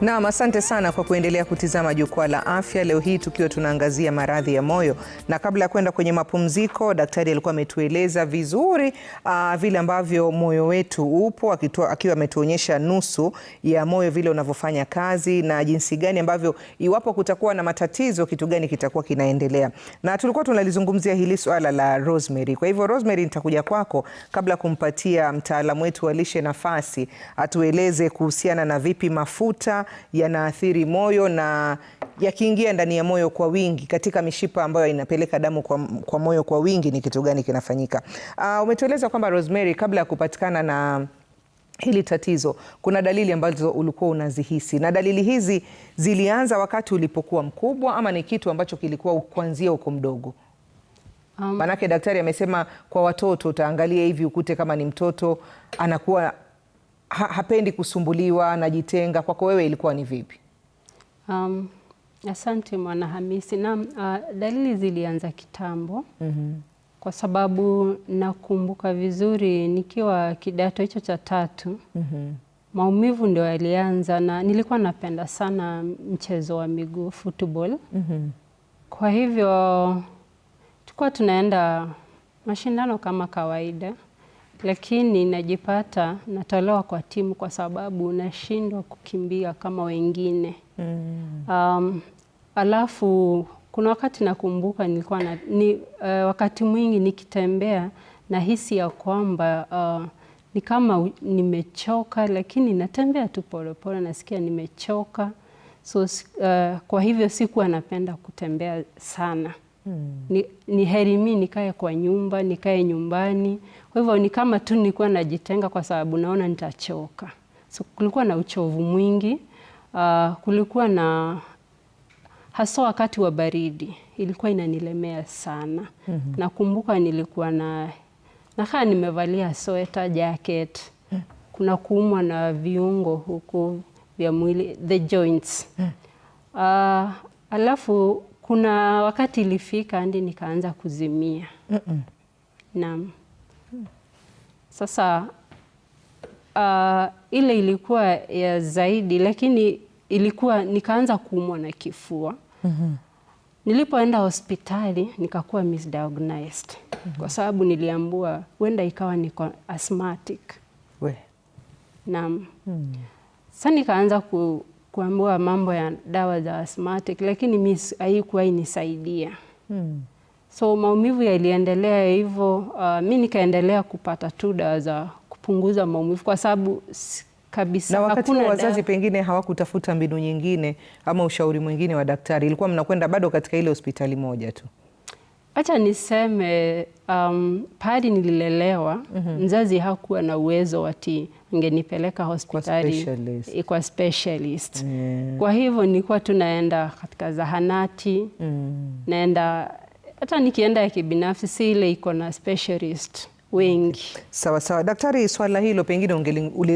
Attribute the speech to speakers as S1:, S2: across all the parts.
S1: Naam, asante sana kwa kuendelea kutizama Jukwaa la Afya leo hii tukiwa tunaangazia maradhi ya moyo, na kabla ya kwenda kwenye mapumziko, daktari alikuwa ametueleza vizuri uh, vile ambavyo moyo wetu upo akitua, akiwa ametuonyesha nusu ya moyo vile unavyofanya kazi na jinsi gani ambavyo iwapo kutakuwa na matatizo, kitu gani kitakuwa kinaendelea, na tulikuwa tunalizungumzia hili swala la Rosemary. Kwa hivyo Rosemary, nitakuja kwako kabla kumpatia mtaalamu wetu wa lishe nafasi atueleze kuhusiana na vipi mafuta yanaathiri moyo na yakiingia ndani ya moyo kwa wingi katika mishipa ambayo inapeleka damu kwa, kwa moyo kwa wingi ni kitu gani kinafanyika? Uh, umetueleza kwamba Rosemary, kabla ya kupatikana na hili tatizo kuna dalili ambazo ulikuwa unazihisi, na dalili hizi zilianza wakati ulipokuwa mkubwa ama ni kitu ambacho kilikuwa kuanzia uko mdogo? Um, manake daktari amesema kwa watoto utaangalia hivi ukute kama ni mtoto anakuwa ha, hapendi kusumbuliwa, anajitenga. Kwako wewe ilikuwa ni vipi?
S2: Um, asante Mwana Hamisi. Naam, uh, dalili zilianza kitambo mm -hmm. Kwa sababu nakumbuka vizuri nikiwa kidato hicho cha tatu mm -hmm. Maumivu ndio yalianza, na nilikuwa napenda sana mchezo wa miguu football mm -hmm. Kwa hivyo tulikuwa tunaenda mashindano kama kawaida lakini najipata natolewa kwa timu kwa sababu nashindwa kukimbia kama wengine mm. Um, alafu kuna wakati nakumbuka nilikuwa na, ni, uh, wakati mwingi nikitembea nahisi ya kwamba uh, ni kama nimechoka, lakini natembea tu polepole, nasikia nimechoka so uh, kwa hivyo sikuwa napenda kutembea sana mm. Ni, ni heri mi nikae kwa nyumba nikae nyumbani kwa hivyo ni kama tu nilikuwa najitenga kwa sababu naona nitachoka. So, kulikuwa na uchovu mwingi. Uh, kulikuwa na haswa wakati wa baridi ilikuwa inanilemea sana. mm -hmm. Nakumbuka nilikuwa na nakaa nimevalia sweta jacket. mm. Kuna kuumwa na viungo huku vya mwili the joints. mm. Uh, alafu kuna wakati ilifika ndi nikaanza kuzimia. mm -mm. Naam. Sasa uh, ile ilikuwa ya zaidi, lakini ilikuwa nikaanza kuumwa na kifua mm -hmm. Nilipoenda hospitali nikakuwa misdiagnosed mm -hmm. Kwa sababu niliambua huenda ikawa niko asthmatic we naam mm. Sasa nikaanza ku, kuambua mambo ya dawa za asthmatic, lakini mi haikuwa inisaidia mm. So maumivu yaliendelea hivyo. Uh, mi nikaendelea kupata tu dawa za kupunguza maumivu kwa sababu kabisa.
S1: Na wakati wa wazazi pengine hawakutafuta mbinu nyingine ama ushauri mwingine wa daktari, ilikuwa mnakwenda bado katika ile hospitali moja tu?
S2: Acha niseme um, pahali nililelewa mm -hmm. Mzazi hakuwa na uwezo wati ngenipeleka hospitali kwa specialist, kwa, specialist. Yeah. Kwa hivyo nilikuwa tu naenda katika zahanati mm. naenda hata nikienda ya kibinafsi si ile iko na specialist wengi.
S1: Sawa sawa, daktari, swala hilo pengine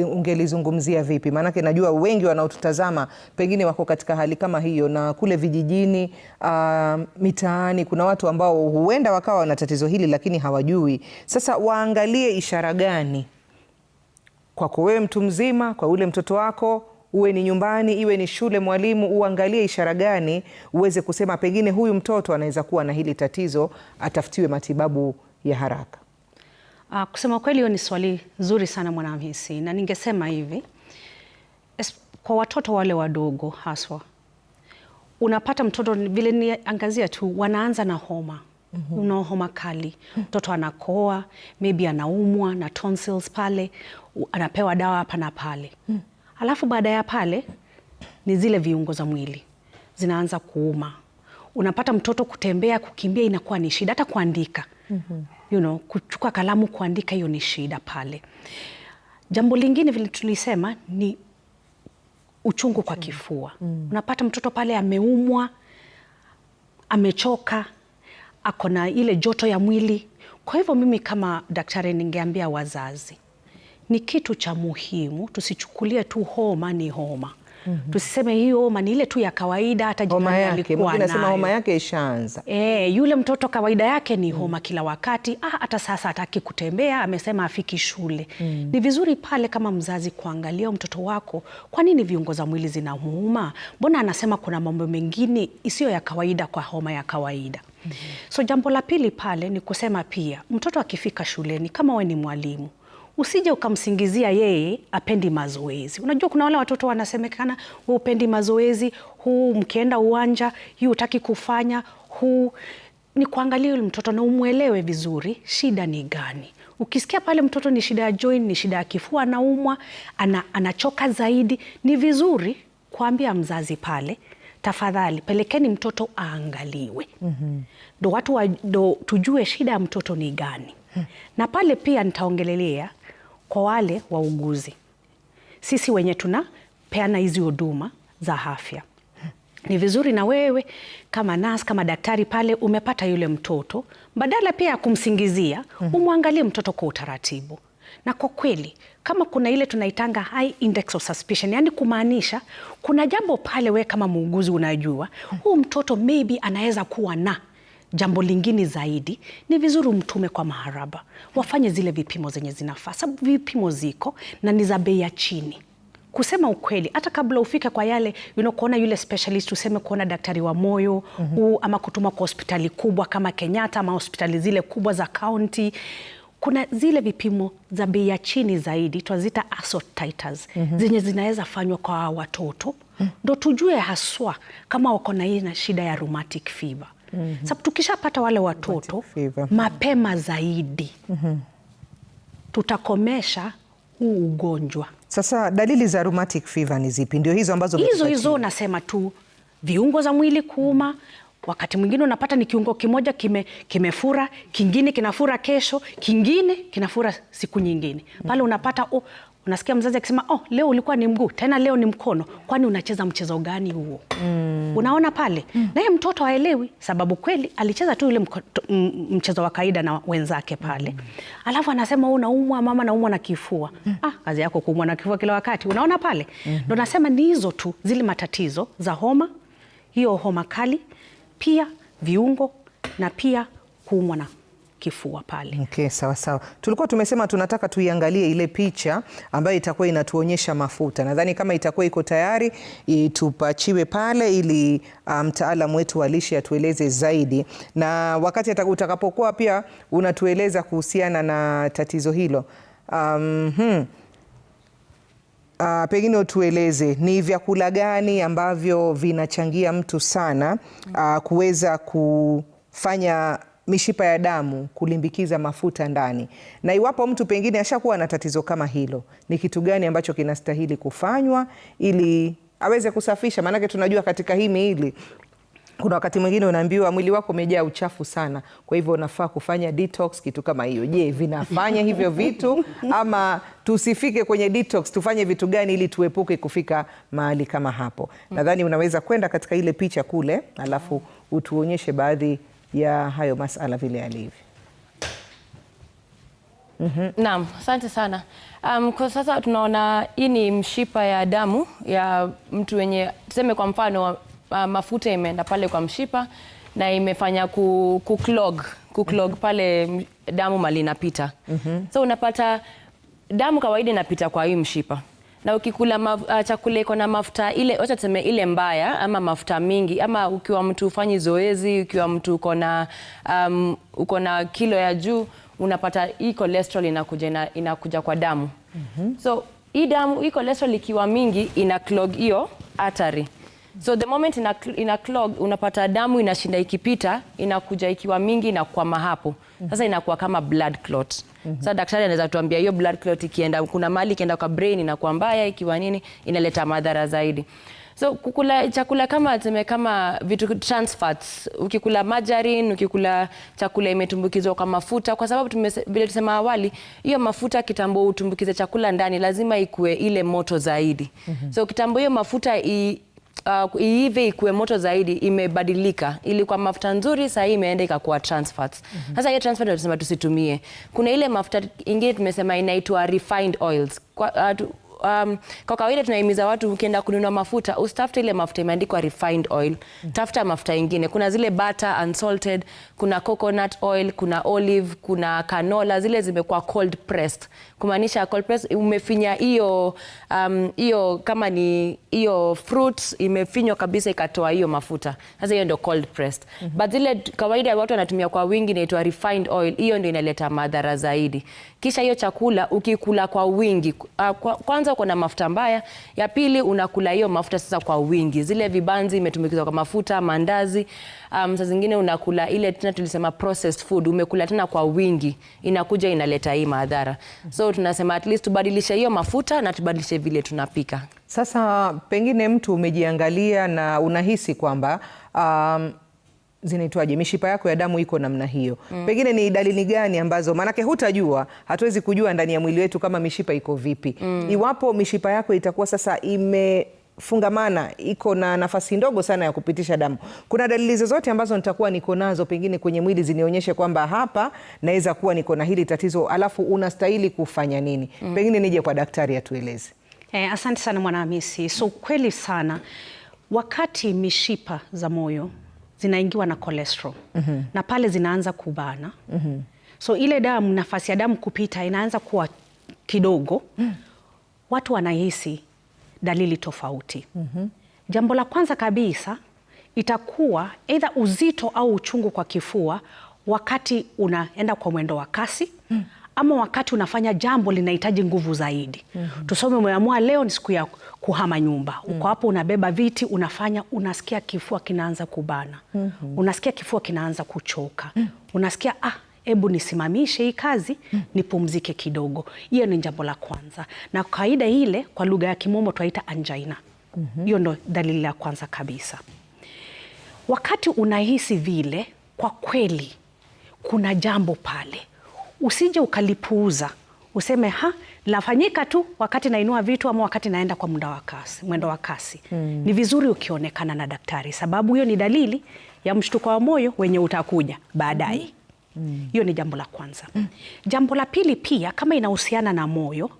S1: ungelizungumzia ungeli vipi? Maanake najua wengi wanaotutazama pengine wako katika hali kama hiyo, na kule vijijini uh, mitaani kuna watu ambao huenda wakawa wana tatizo hili lakini hawajui. Sasa waangalie ishara gani kwako wewe mtu mzima, kwa ule mtoto wako uwe ni nyumbani, iwe ni shule, mwalimu, uangalie ishara gani uweze kusema pengine huyu mtoto anaweza kuwa na hili tatizo, atafutiwe matibabu ya haraka.
S3: Ah, kusema kweli, hiyo ni swali zuri sana Mwanahamisi, na ningesema hivi kwa watoto wale wadogo haswa, unapata mtoto vile niangazia tu, wanaanza na homa mm -hmm. Una homa kali, mtoto anakoa, maybe anaumwa na tonsils pale, anapewa dawa hapa na pale mm Alafu baada ya pale ni zile viungo za mwili zinaanza kuuma, unapata mtoto kutembea, kukimbia inakuwa ni shida, hata kuandika mm -hmm. you know, kuchukua kalamu kuandika, hiyo ni shida pale. Jambo lingine vile tulisema ni uchungu kwa kifua mm. Unapata mtoto pale ameumwa, amechoka, ako na ile joto ya mwili. Kwa hivyo mimi kama daktari ningeambia wazazi ni kitu cha muhimu, tusichukulie tu homa ni homa. Mm -hmm. Tusiseme hii homa ni ile tu ya kawaida, hata
S1: jina alikuwa nayo homa yake ishaanza.
S3: E, yule mtoto kawaida yake ni mm homa kila wakati. Ah, hata sasa hataki kutembea, amesema afiki shule. mm Ni vizuri pale kama mzazi kuangalia mtoto wako, kwa nini viungo za mwili zinamuuma? Mbona anasema kuna mambo mengine isiyo ya kawaida kwa homa ya kawaida. mm -hmm. So jambo la pili pale ni kusema pia mtoto akifika shuleni, kama we ni mwalimu usije ukamsingizia yeye apendi mazoezi. Unajua kuna wale watoto wanasemekana, huu upendi mazoezi, huu mkienda uwanja, hii utaki kufanya, huu ni kuangalia yule mtoto na umwelewe vizuri, shida ni gani? Ukisikia pale mtoto ni shida ya joint, ni shida ya kifua, anaumwa, ana, anachoka zaidi, ni vizuri kuambia mzazi pale, tafadhali pelekeni mtoto aangaliwe, mm -hmm. Ndo watu wa, ndo tujue shida ya mtoto ni gani, mm -hmm. Na pale pia nitaongelelea kwa wale wauguzi, sisi wenye tunapeana hizi huduma za afya ni vizuri na wewe kama nas kama daktari pale umepata yule mtoto, badala pia ya kumsingizia, hmm. umwangalie mtoto kwa utaratibu. Na kwa kweli kama kuna ile tunaitanga high index of suspicion, yani kumaanisha kuna jambo pale, we kama muuguzi unajua hmm. huu mtoto maybe anaweza kuwa na Jambo lingine zaidi ni vizuri umtume kwa maharaba, wafanye zile vipimo zenye zinafaa, sababu vipimo ziko na ni za bei ya chini. Kusema ukweli, hata kabla ufike kwa yale you know, kuona yule specialist, useme kuona daktari wa moyo mm -hmm. u, ama kutuma kwa hospitali kubwa kama Kenyatta ama hospitali zile kubwa za kaunti kuna zile vipimo za bei ya chini zaidi twazita asort titers mm -hmm. zenye zinaweza fanywa kwa watoto mm. ndo mm -hmm. tujue haswa kama wako na hii na shida ya rheumatic fever. -hmm. Sababu tukishapata wale watoto mapema zaidi mm -hmm. tutakomesha huu ugonjwa.
S1: Sasa dalili za rheumatic fever ni zipi? Ndio hizo ambazo
S3: hizo hizo unasema tu viungo za mwili kuuma wakati mwingine unapata ni kiungo kimoja kime, kimefura, kingine kinafura kesho, kingine kinafura siku nyingine, pale mm-hmm. unapata oh, Unasikia mzazi akisema oh, leo ulikuwa ni mguu tena leo ni mkono, kwani unacheza mchezo gani huo? mm. Unaona pale mm. naye mtoto haelewi, sababu kweli alicheza tu yule mchezo wa kawaida na wenzake pale mm. alafu anasema unaumwa oh, mama, naumwa na kifua mm. Ah, kazi yako kuumwa na kifua kila wakati, unaona pale mm -hmm. Nasema ni hizo tu zile matatizo za homa, hiyo homa kali, pia viungo na pia kuumwa na kifua pale.
S1: Okay, sawa sawa. Tulikuwa tumesema tunataka tuiangalie ile picha ambayo itakuwa inatuonyesha mafuta. Nadhani kama itakuwa iko tayari itupachiwe pale ili ah, mtaalamu um, wetu wa lishe atueleze zaidi, na wakati utakapokuwa pia unatueleza kuhusiana na tatizo hilo um, hmm. Uh, pengine utueleze ni vyakula gani ambavyo vinachangia mtu sana uh, kuweza kufanya mishipa ya damu kulimbikiza mafuta ndani, na iwapo mtu pengine ashakuwa na tatizo kama hilo, ni kitu gani ambacho kinastahili kufanywa ili aweze kusafisha? Maanake tunajua katika hii miili kuna wakati mwingine unaambiwa mwili wako umejaa uchafu sana, kwa hivyo unafaa kufanya detox, kitu kama hiyo. Je, vinafanya hivyo vitu ama tusifike kwenye detox? Tufanye vitu gani ili tuepuke kufika mahali kama hapo? Nadhani unaweza kwenda katika ile picha kule, alafu utuonyeshe baadhi ya hayo masala vile yalivyo.
S4: Mm -hmm. Naam, asante sana. Um, kwa sasa tunaona hii ni mshipa ya damu ya mtu wenye tuseme kwa mfano uh, mafuta imeenda pale kwa mshipa na imefanya ku, ku clog, ku clog mm -hmm. pale damu mali inapita. Mm -hmm. So unapata damu kawaida inapita kwa hii mshipa na ukikula maf, uh, ah, chakula iko na mafuta ile, wacha tuseme ile mbaya ama mafuta mingi, ama ukiwa mtu ufanyi zoezi, ukiwa mtu uko na um, uko na kilo ya juu, unapata hii cholesterol inakuja, inakuja kwa damu mm -hmm. So hii damu hii cholesterol ikiwa mingi ina clog hiyo artery So the moment ina, ina clog unapata damu inashinda ikipita inakuja ikiwa mingi inakwama hapo sasa, inakuwa kama blood clot. Sasa daktari anaweza tuambia hiyo blood clot ikienda kuna mali ikienda kwa brain inakuwa mbaya, ikiwa nini inaleta madhara zaidi. So kukula chakula kama tuseme kama vitu trans fats, ukikula margarine, ukikula chakula imetumbukizwa kwa mafuta, kwa sababu tume, vile tusema awali, hiyo mafuta kitambo utumbukize chakula ndani lazima ikue ile moto zaidi. Mm -hmm. So kitambo hiyo mafuta i, uh, iive ikuwe moto zaidi imebadilika, ilikuwa mafuta nzuri, sasa hii imeenda ikakuwa trans mhm. Sasa mm -hmm. hiyo trans tunasema tusitumie. Kuna ile mafuta ingine tumesema inaitwa refined oils kwa, uh, um, kwa kawaida tunahimiza watu ukienda kununua mafuta usitafute ile mafuta imeandikwa refined oil, mm. tafuta mafuta ingine. Kuna zile butter unsalted, kuna coconut oil, kuna olive, kuna canola, zile zimekuwa cold pressed, kumaanisha cold pressed umefinya hiyo um, hiyo, um, kama ni hiyo fruits imefinywa kabisa ikatoa hiyo mafuta. Sasa hiyo ndio cold pressed mm -hmm. But zile kawaida watu wanatumia kwa wingi inaitwa refined oil, hiyo ndio inaleta madhara zaidi. Kisha hiyo chakula ukikula kwa wingi uh, kwa, kwanza kwanza uko na mafuta mbaya, ya pili unakula hiyo mafuta sasa kwa wingi, zile vibanzi imetumikizwa kwa mafuta, mandazi um, saa zingine unakula ile tena tulisema processed food, umekula tena kwa wingi, inakuja inaleta hii madhara. So tunasema at least tubadilishe hiyo mafuta na tubadilishe vile tunapika.
S1: Sasa pengine mtu umejiangalia na unahisi kwamba um, zinaitwaje, mishipa yako ya damu iko namna hiyo mm. Pengine ni dalili gani ambazo, maanake hutajua, hatuwezi kujua ndani ya mwili wetu kama mishipa iko vipi mm. Iwapo mishipa yako itakuwa sasa ime fungamana iko na nafasi ndogo sana ya kupitisha damu. Kuna dalili zozote ambazo nitakuwa niko nazo pengine kwenye mwili zinionyeshe kwamba hapa naweza kuwa niko na hili tatizo, alafu unastahili kufanya nini? mm. Pengine nije kwa daktari atueleze.
S3: Eh, asante sana Mwana Hamisi. So kweli sana wakati mishipa za moyo zinaingiwa na cholesterol mm -hmm. na pale zinaanza kubana mm -hmm. so ile damu, nafasi ya damu kupita inaanza kuwa kidogo mm -hmm. watu wanahisi dalili tofauti mm -hmm. Jambo la kwanza kabisa itakuwa aidha uzito au uchungu kwa kifua wakati unaenda kwa mwendo wa kasi mm -hmm ama wakati unafanya jambo linahitaji nguvu zaidi. mm -hmm. Tusome, umeamua leo ni siku ya kuhama nyumba, mm -hmm. hapo unabeba viti, unafanya, unasikia kifua kinaanza kubana mm -hmm. unasikia kifua kinaanza kuchoka mm -hmm. unasikia ah, hebu nisimamishe hii kazi mm. nipumzike kidogo. Hiyo ni jambo la kwanza, na kawaida ile kwa lugha ya kimombo twaita mhm. Hiyo mm hiyo -hmm. ndo dalili ya kwanza kabisa. Wakati unahisi vile, kwa kweli kuna jambo pale usije ukalipuuza useme ha lafanyika tu wakati nainua vitu ama wakati naenda kwa muda wa kasi, mwendo wa kasi mm. Ni vizuri ukionekana na daktari, sababu hiyo ni dalili ya mshtuko wa moyo wenye utakuja baadaye mm. Hiyo ni jambo la kwanza mm. Jambo la pili pia kama inahusiana na moyo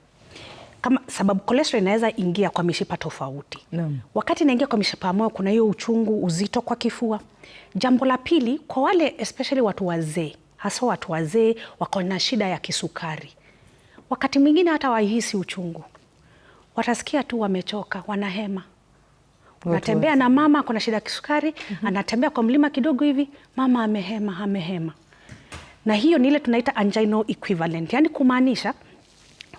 S3: kama, sababu cholesterol inaweza ingia kwa mishipa tofauti mm. Wakati inaingia kwa mishipa ya moyo kuna hiyo uchungu, uzito kwa kifua. Jambo la pili kwa wale especially watu wazee hasa watu wazee wako na shida ya kisukari. Wakati mwingine hata wahisi uchungu, watasikia tu wamechoka, wanahema. Unatembea na mama ako na shida ya kisukari mm -hmm. anatembea kwa mlima kidogo hivi, mama amehema, amehema. Na hiyo ni ile tunaita angina equivalent, yani kumaanisha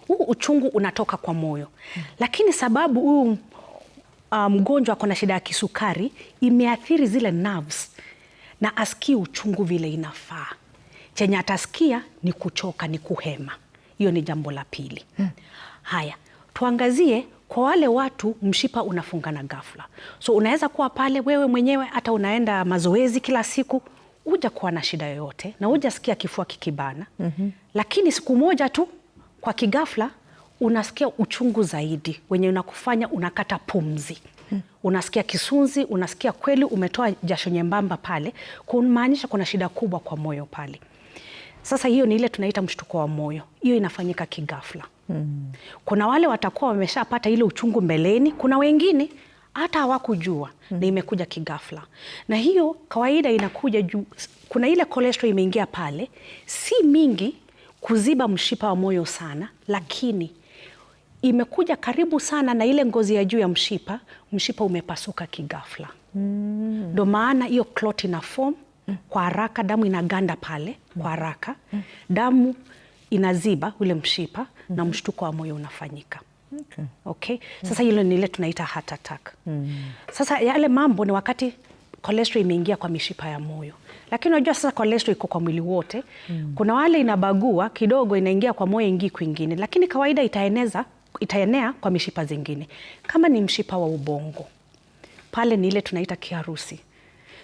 S3: huu uchungu unatoka kwa moyo mm -hmm. lakini sababu huu uh, mgonjwa um, ako na shida ya kisukari imeathiri zile nerves na asikii uchungu vile inafaa. mm chenye atasikia ni kuchoka, ni kuhema. Hiyo ni jambo la pili. Hmm. Haya, tuangazie kwa wale watu mshipa unafungana ghafla. So unaweza kuwa pale wewe mwenyewe, hata unaenda mazoezi kila siku, uja kuwa na shida yoyote na hujasikia kifua kikibana. mm -hmm. Lakini siku moja tu kwa kigafla unasikia uchungu zaidi wenye unakufanya unakata pumzi. mm. Unasikia kisunzi, unasikia kweli umetoa jasho nyembamba pale, kumaanisha kuna shida kubwa kwa moyo pale. Sasa hiyo ni ile tunaita mshtuko wa moyo, hiyo inafanyika kighafla. Mm. Kuna wale watakuwa wameshapata ile uchungu mbeleni, kuna wengine hata hawakujua mm. na imekuja kigafla, na hiyo kawaida inakuja juu kuna ile kolestro imeingia pale, si mingi kuziba mshipa wa moyo sana, lakini imekuja karibu sana na ile ngozi ya juu ya mshipa, mshipa umepasuka kigafla Ndo mm. maana hiyo clot ina form mm. kwa haraka, damu inaganda pale kwa haraka mm. damu inaziba ule mshipa mm -hmm. na mshtuko wa moyo unafanyika. Okay. Okay. Sasa hilo ni ile tunaita heart attack. Mm. Sasa yale mambo ni wakati cholesterol imeingia kwa mishipa ya moyo, lakini unajua sasa cholesterol iko kwa mwili wote mm. kuna wale inabagua kidogo, inaingia kwa moyo, ingii kwingine, lakini kawaida itaeneza, itaenea kwa mishipa zingine. Kama ni mshipa wa ubongo pale, ni ile tunaita kiharusi,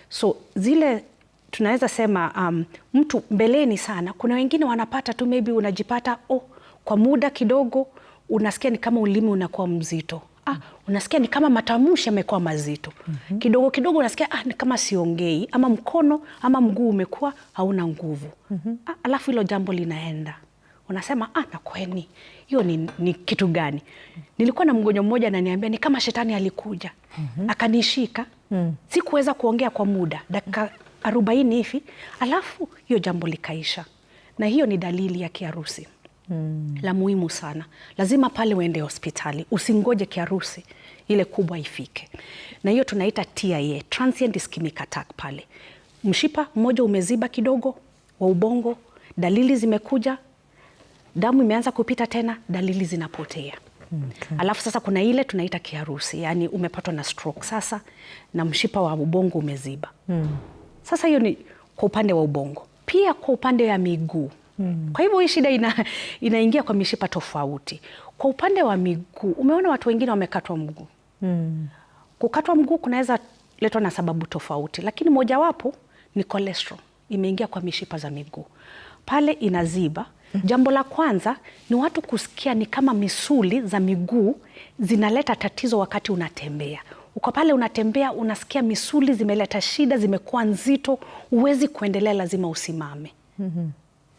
S3: so zile tunaweza sema um, mtu mbeleni sana, kuna wengine wanapata tu maybe unajipata oh, kwa muda kidogo unasikia ni kama ulimi unakuwa mzito ah, unasikia ni kama matamshi yamekuwa mazito mm -hmm. Kidogo kidogo unasikia ah, ni kama siongei ama mkono ama mguu umekuwa hauna nguvu mm -hmm. Ah, alafu hilo jambo linaenda unasema ah, na kweni hiyo ni, ni kitu gani? Nilikuwa na mgonjwa mmoja ananiambia ni kama shetani alikuja mm -hmm. akanishika mm sikuweza kuongea kwa muda dakika arobaini hivi, alafu hiyo jambo likaisha, na hiyo ni dalili ya kiharusi. Hmm. La muhimu sana, lazima pale uende hospitali, usingoje kiharusi ile kubwa ifike, na hiyo tunaita TIA, transient ischemic attack. Pale mshipa mmoja umeziba kidogo wa ubongo, dalili zimekuja, damu imeanza kupita tena, dalili zinapotea. Okay. Alafu sasa kuna ile tunaita kiharusi, yaani umepatwa na stroke sasa na mshipa wa ubongo umeziba. Hmm. Sasa hiyo ni kwa upande wa ubongo, pia kwa upande wa miguu mm. Kwa hivyo hii shida ina, inaingia kwa mishipa tofauti. Kwa upande wa miguu, umeona watu wengine wamekatwa mguu mm. Kukatwa mguu kunaweza letwa na sababu tofauti, lakini mojawapo ni kolestro imeingia kwa mishipa za miguu pale, inaziba. Hmm. Jambo la kwanza ni watu kusikia ni kama misuli za miguu zinaleta tatizo wakati unatembea uko pale unatembea, unasikia misuli zimeleta shida, zimekuwa nzito, huwezi kuendelea, lazima usimame. mm -hmm.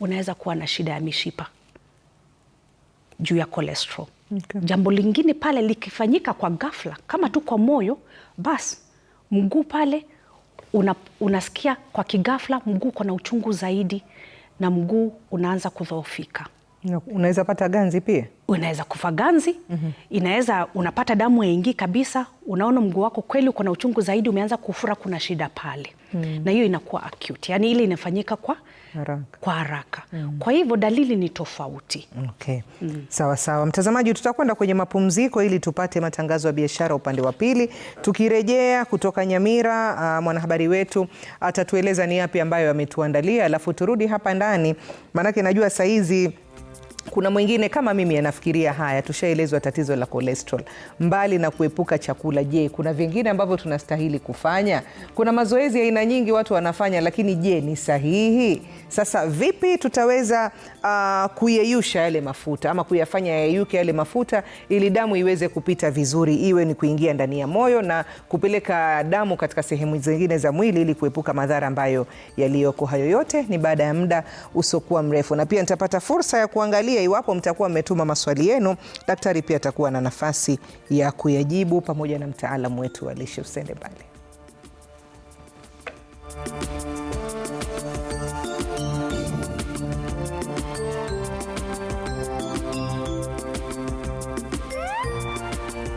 S3: Unaweza kuwa na shida ya mishipa juu ya kolestrol Okay. Jambo lingine pale likifanyika kwa ghafla kama tu kwa moyo, basi mguu pale una, unasikia kwa kighafla mguu kuna uchungu zaidi na mguu unaanza kudhoofika.
S1: Unaweza pata ganzi pia
S3: unaweza kufa ganzi mm -hmm. Inaweza unapata damu yaingii kabisa, unaona mguu wako kweli uko na uchungu zaidi, umeanza kufura, kuna shida pale mm -hmm. Na hiyo inakuwa acute, yani ile inafanyika kwa haraka, kwa haraka mm -hmm. Kwa hivyo dalili ni tofauti
S1: okay. mm -hmm. Sawa sawa, mtazamaji, tutakwenda kwenye mapumziko ili tupate matangazo ya biashara upande wa pili. Tukirejea kutoka Nyamira, uh, mwanahabari wetu atatueleza ni yapi ambayo ametuandalia, alafu turudi hapa ndani, maanake najua saizi kuna mwingine kama mimi anafikiria haya, tushaelezwa tatizo la kolestrol. Mbali na kuepuka chakula, je, kuna vingine ambavyo tunastahili kufanya? Kuna mazoezi ya aina nyingi watu wanafanya, lakini je, ni sahihi? Sasa vipi tutaweza uh, kuyeyusha yale mafuta ama kuyafanya yayuke yale mafuta, ili damu iweze kupita vizuri, iwe ni kuingia ndani ya moyo na kupeleka damu katika sehemu zingine za mwili, ili kuepuka madhara ambayo yaliyoko. Hayo yote ni baada ya muda usiokuwa mrefu, na pia nitapata fursa ya kuangalia kuangalia iwapo mtakuwa mmetuma maswali yenu. Daktari pia atakuwa na nafasi ya kuyajibu pamoja na mtaalamu wetu wa lishe. Usende mbali.